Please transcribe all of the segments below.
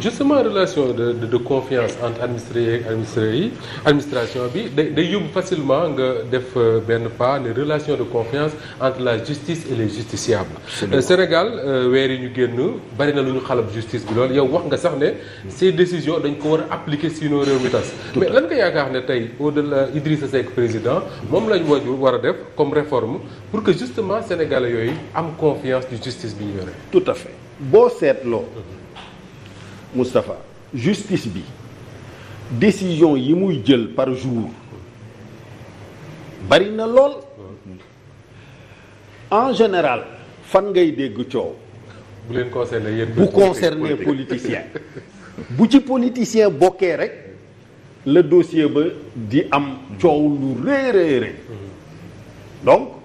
justement relation de de, de confiance entre administré yeeg administré administration bi day day yóbbu facilement nga def euh, benn pas ne relation de confiance entre la justice et les justiciables. Euh, Sénégal euh, weer yi ñu génn bari na lu ñu xalab justice bi loolu yow wax nga sax ne ces décision dañ ko war a appliquer sinon réew mi tas. mais lan nga yaakaar ne tey au delà Idrissa Seck président moom lañ waju war a def comme réforme pour que justement sénégalais yooyu am confiance du justice bi ñu yore. tout à fait boo seetloo. Mhm. Moustapha justice bi décision yi muy jël par jour bari na lool en général fan ngay dégg coow. bu leen concerné yéen bu concerné politicien bu ci politicien bokkee rek le dossier ba di am coow lu rëy mm-hmm. donc.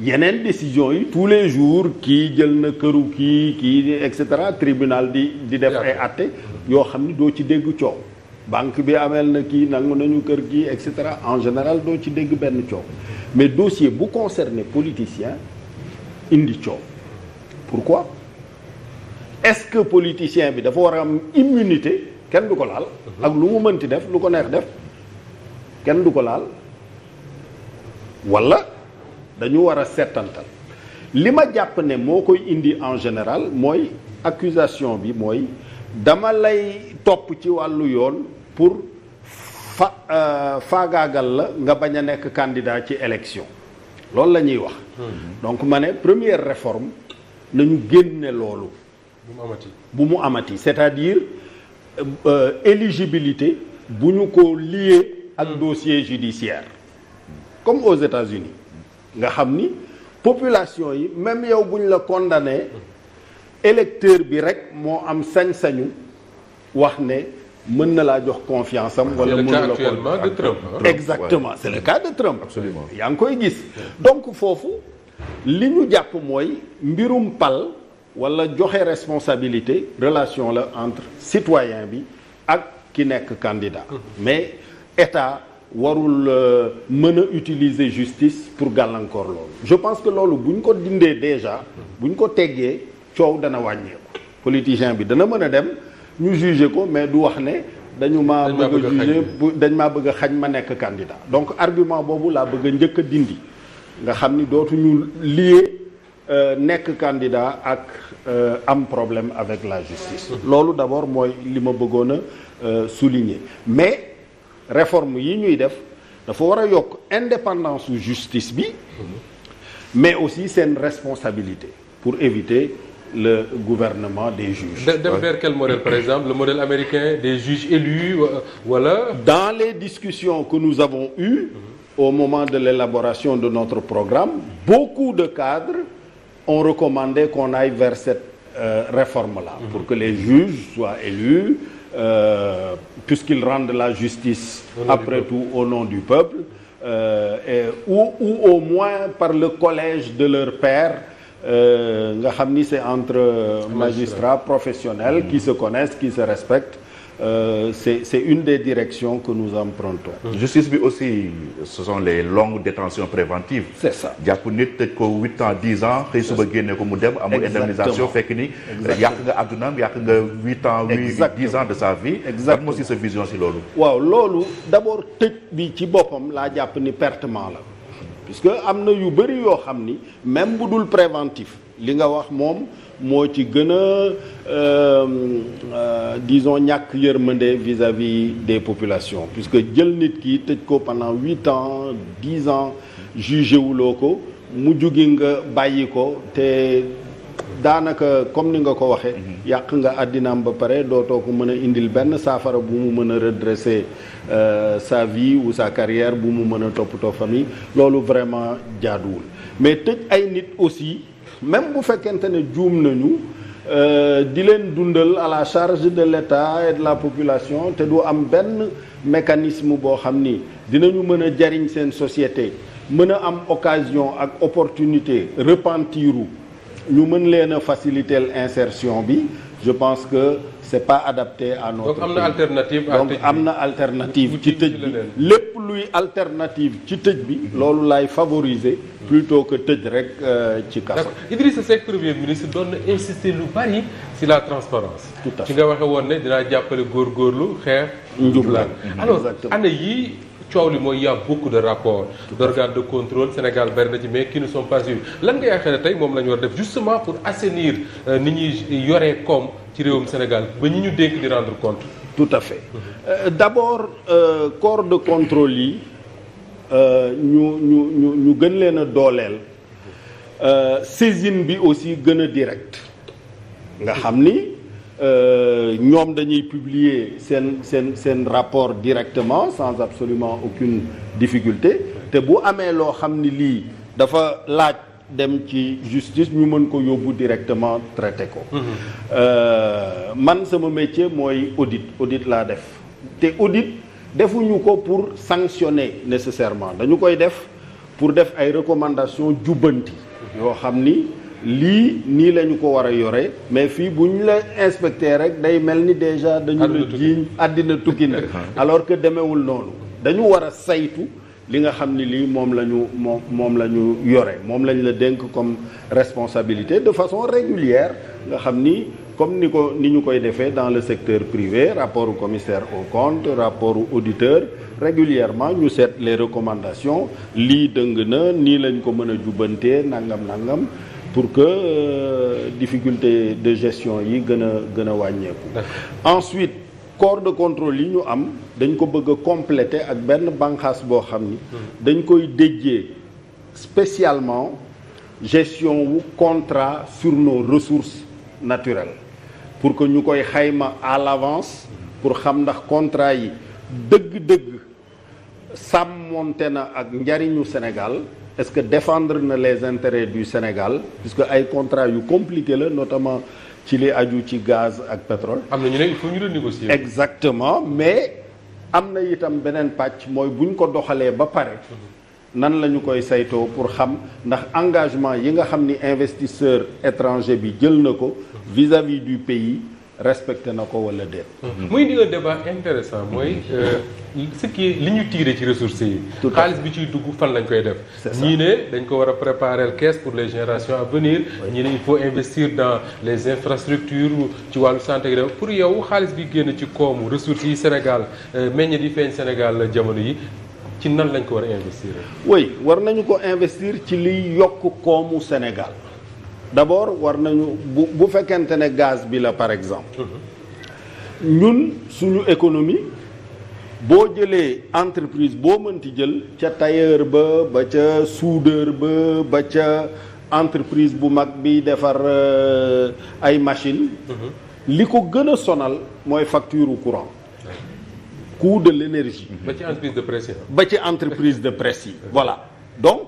yeneen décision yi tous les jours kii jël na këru kii kii et cetera tribunal di di def ay atte yoo xam ni doo ci dégg coow banque bi ameel na kii nangu nañu kër kii et cetera en général doo ci dégg benn coow mais dossier bu concerné politicien indi coow pourquoi est-ce que politicien bi dafa war a am immunité kenn du ko laal mhm. ak lu mu mënti def lu ko neex def kenn du ko laal walla dañu war a settantal li ma jàpp ne moo koy indi en général mooy accusation bi mooy dama lay topp ci wàllu yoon pour fa euh, faagaagal la nga bañ a nekk candidat ci élection loolu la ñuy wax hmm. donc ma ne première réforme nañu génne loolu bu mu amati bu mu amati c'est-à-dire euh, euh éligibilité bu ñu ko lié ak hmm. dossier judiciaire comme aux États-Unis nga xam ni population yi même yow buñ la condamné électeur bi rek moo am sañ-sañu wax ne mën na laa jox confiance am. wala mu na la ko de Trump. exactement c'est le cas de Trump. absolument yaa ngi koy gis. donc foofu li ñu jàpp mooy mbirum pal wala joxe responsabilité relation la entre citoyen bi ak ki nekk candidat. Mm-hmm. mais état. warul euh, mën a utiliser justice pour gàllankoor loolu je pense que loolu bu ñu ko dindee déjà bu ñu ko teggee coow dana wàññeeku politicien bi dana mën a dem ñu juger ko mais du wax ne dañu ma bëgg dañ maa bëgg a xañ ma nekk candidat donc argument boobu laa bëgg njëkk a dindi nga xam ni dootuñu lié euh, nekk candidat ak euh, am problème avec la justice loolu d'abord mooy li ma bëggoon a souligner mais réforme yi ñuy def dafa war a yokk indépendance su justice bi mais aussi seen responsabilité pour éviter le gouvernement des juges. dem par exemple le modèle américain des juges élus euh, voilà. dans les discussions que nous avons eues. au moment de l'élaboration de notre programme beaucoup de cadres ont recommandé qu'on aille vers cette euh, réforme-là. pour que les juges soient élus. euh, puisqu'ils rendent la justice après tout au nom du peuple euh, et, ou, ou au moins par le collège de leur père euh, nga xam ni c'est entre magistrats professionnels qui se connaissent qui se respectent euh, c'est c'est une des directions que nous empruntons. Mm-hmm. justice bi aussi ce sont les longues détentions préventives. c'est ça jàpp nit tëj ko huit ans dix ans xëy suba génne ko mu dem. amul indemnisation fekk ni. yàq nga addunaam yàq nga huit ans. exactement huit dix ans de sa vie. exactement si sa vision si loolu. waaw loolu d'abord tëj bi ci boppam laa jàpp ni pertement la. puisque am na yu bëri yoo xam ni même bu dul préventif. li nga wax moom moo ci gën a euh, euh, disons ñàkk yërmande vis-à-vis des populations puisque jël nit ki tëj ko pendant huit ans dix ans jugé wuloo ko mu jugi nga bàyyi ko te daanaka comme ni nga ko waxee. Mhm. yàq nga àddinaam ba pare dootoo ko mën a indil benn saafara bu mu mën a redresser euh, sa vie ou sa carrière bu mu mën a toppatoo famille loolu vraiment jaaduwul mais tëj ay nit aussi. même bu fekkente ne juum nañu euh, di leen dundal à la charge de l'État et de la population te du am benn mécanisme boo xam ni dinañu mën a jariñ seen société mën a am occasion ak opportunité repentiru ñu mën leen a faciliter l'insertion bi je pense que c'est pas adapté à am na alternative donc am na alternative ci tëj bi lépp luy alternative ci tëj bi loolu laay favoriser plutôt que tëj rek euh, ci kaso Idrissa Seck premier ministre doon na insister lu bari si la transparence tout à fait ci nga waxe woon ne dinaa jàppale góorgóorlu xeex njublaan alors année yii coow li mooy y a beaucoup de rapports d'organes de contrôle Sénégal bari na ci mais qui ne sont pas suivis lan nga yaakaar ne tey moom la ñu war def justement pour assainir euh, ni ñuy yoree koom ci réewum Sénégal ba ñu ñu dénk di rendre compte. tout à fait euh, d' abord euh, corps de contrôle yi euh, ñu ñu ñu ñu gën leen a dooleel euh, saisine bi aussi gën a direct nga xam ni euh, ñoom dañuy publier seen seen seen rapport directement sans absolument aucune difficulté te bu amee loo xam ni lii dafa laaj. dem ci justice ñu mën ko yóbbu directement traité ko. Mhm. Euh, man sama métier mooy audit audit laa def te audit defuñu ko pour sanctionner nécessairement dañu koy def pour def ay recommandations jubbanti yoo xam ni lii nii lañu ko war a yore mais fii bu ñu la inspecté rek day mel ni déjà dañu la jiiñ àddina tukki nag alors que demewul noonu dañu war a saytu li nga xam ni lii moom la ñu moom moom la ñu yore moom lañ la dénk comme responsabilité de façon régulière nga xam ni comme ni ko ni ñu koy defee dans le secteur privé rapport au commissaire aux comptes rapport au auditeur régulièrement ñu seet les recommandations lii dëng na nii lañ ko mën a jubbantee nangam nangam pour que euh, difficulté de gestion yi gën a gën a wàññeeku ensuite corps de contrôle yi ñu am dañ ko bëgg a ak benn banqaas boo xam ni dañ koy déjjee spécialement gestion wu contrat sur nos ressources naturelles pour que ñu koy xayma à l'avance pour xam ndax contrat yi dëgg-dëgg sàmmoonte na ak njariñu Sénégal est-ce que défendre na les intérêts du Sénégal puisque ay contrat yu compliqué la notamment ci li aju ci gaz ak pétrole. am na ñu ne il faut ñu doon négocier. exactement mais am na itam beneen pàcc mooy bu ñu ko doxalee ba pare. nan la ñu koy saytoo pour xam ndax engagement yi nga xam ni investisseur étranger bi jël na ko vis-à-vis du pays. respecté na ko wala déet. Mm-hmm. muy di un débat intéressant mooy euh, ce qui li ñu tiire ci ressources yi. xaalis bi ciy dugg fan lañ koy def. ñii ne dañ ko war a préparer le caisse pour les générations à venir. ñii ne il faut investir dans les infrastructures ci wàllu santé pour yow xaalis bi génn ci koomu ressources yi Sénégal euh, meññe di feeñ Sénégal jamono yi. ci nan lañ ko war a investir. oui war nañu ko investir ci liy yokk koomu Sénégal. d'abord war nañu bu bu fekkente ne gaz bi la par exemple ñun suñu économie boo jëlee entreprise boo mënti jël ca tailleur ba ba ca soudeur ba ba ca entreprise bu mag bi defar euh, ay machine mm-hmm. li ko gën a sonal mooy facture courant coût de l'énergie ba ci entreprise de presse yi ba ci entreprise de presse yi voilà donc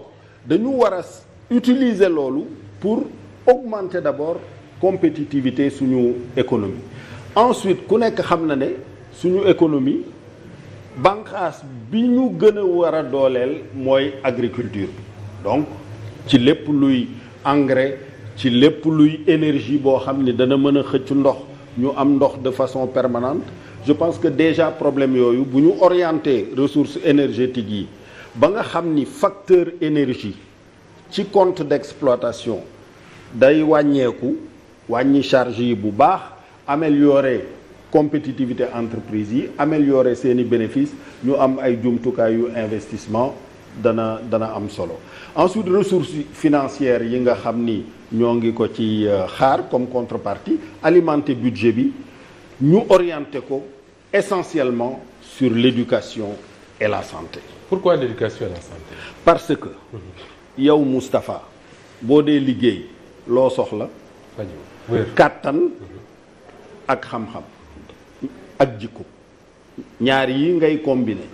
dañu war a utiliser loolu pour augmenter d'abord compétitivité suñu économie ensuite ku nekk xam na ne suñu économie banqaas bi ñu gën a war a dooleel mooy agriculture donc ci lépp luy engrais ci lépp luy énergie boo xam ni dana mën a xëcc ndox ñu am ndox de façon permanente je pense que déjà problème yooyu bu ñu orienté ressources énergétiques yi ba nga xam ni facteur énergie ci compte d'exploitation day wàññeeku wàññi charge yi bu baax améliorer compétitivité entreprise yi améliorer seen i bénéfice ñu am ay jumtukaay yu investissement dana dana am solo en ensuite ressources financières yi nga xam ni ñoo ngi ko ci euh, xaar comme contrepartie alimenter budget bi ñu orienter ko essentiellement sur l'éducation et la santé. pourquoi l'éducation et la santé. parce que yow Moustapha boo dee liggéey. loo soxla kàttan ak xam-xam ak jikko ñaar yi ngay combine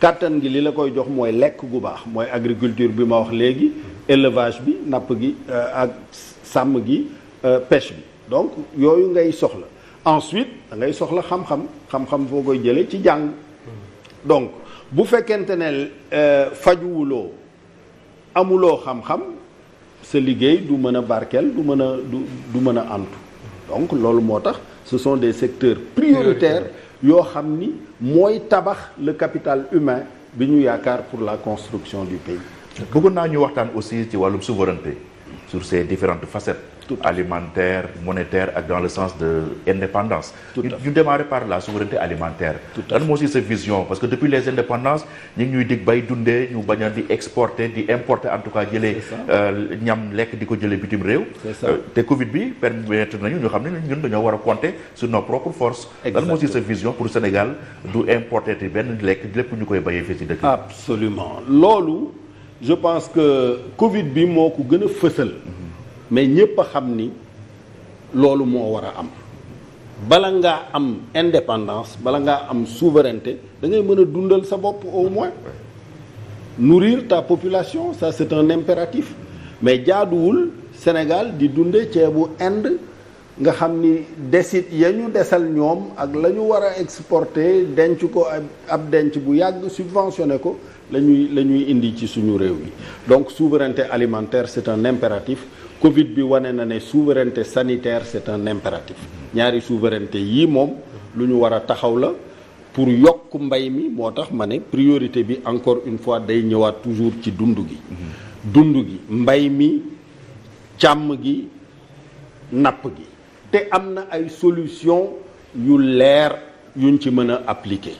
kàttan gi li la koy jox mooy lekk gu baax mooy agriculture bi ma wax léegi élevage bi napp gi euh, ak sàmm gi euh, pêche bi donc yooyu ngay soxla ensuite da ngay soxla xam-xam xam-xam foo koy jële ci jàng donc bu fekkente ne euh, fajuwuloo amuloo xam-xam sa liggéey du mën a barkeel du mën a du du mën a antu donc loolu moo tax ce sont des secteurs prioritaires yoo xam ni mooy tabax le capital humain bi ñu yaakaar pour la construction du pays bëggoon naa ñu waxtaan aussi ci wàllum souveraineté sur ses différentes facettes alimentaire monétaire ak dans le sens de indépendance ñu démarrer par la souveraineté alimentaire lan moo si sa vision parce que depuis les indépendances ñu ngi ñuy dig bay dundee ñu bañ a di exporter di importer en tout cas jëlee euh, ñam lekk di ko jëlee bitim réew euh, te Covid bi permettre nañu ñu xam ne ñun dañoo war a compter sur nos propres forces lan moo si sa vision pour Sénégal du importer te benn lekk lépp ñu koy bayee fii si dëkk absolument loolu je pense que Covid bi moo ko gën a fësal mais ñëpp a xam ni loolu moo war a am bala ngaa am indépendance bala ngaa am souveraineté da ngay mën a dundal sa bopp au moins nourrir ta population ça c'est un impératif mais jaaduwul Sénégal di dunde ceebu Inde nga xam ni desit ya ñu desal ñoom ak la ñu war a exporter denc ko ab denc bu yàgg subventionné ko la ñuy la ñuy indi ci suñu réew mi donc souveraineté alimentaire c'est un impératif Covid bi wane na ne souveraineté sanitaire c'est un impératif ñaari souveraineté yii moom lu ñu war a taxaw la pour yokk mbay mi moo tax ma ne priorité bi encore une fois day ñëwaat toujours ci dund gi dund gi mbay mi càmm gi napp gi te am na ay solution yu leer yuñ ci mën a appliquer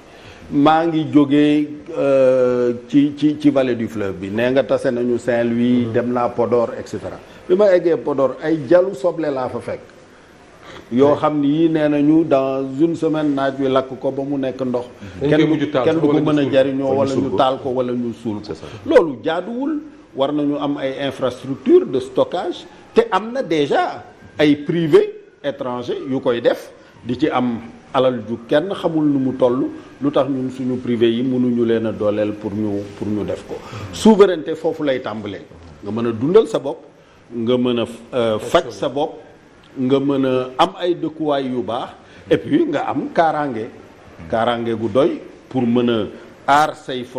maa ngi jógee euh, ci ci ci vallée du bi nee nga tase nañu Saint-Louis mm-hmm. dem naa Podor et cetera bi ma eggee Podor ay jalu soble laa fa fekk yoo xam ni yii nee nañu dans une semaine naaj bi lakk ko ba mu nekk ndox kenn kenn du ko mën a jariñoo wala ñu taal ko wala ñu suul ko loolu jaaduwul war nañu am ay infrastructure de stockage te am na déjà ay privé étranger yu koy def di ci am alal ju kenn xamul nu mu toll lu tax ñun suñu privé yi mënuñu leen a dooleel pour ñu pour ñu def ko souveraineté foofu lay tàmbalee nga mën a dundal sa bopp nga mën a euh, faj sa bopp nga mën a am ay dëkkuwaay yu baax et puis nga am kaaraange kaaraange gu doy pour mën a aar say front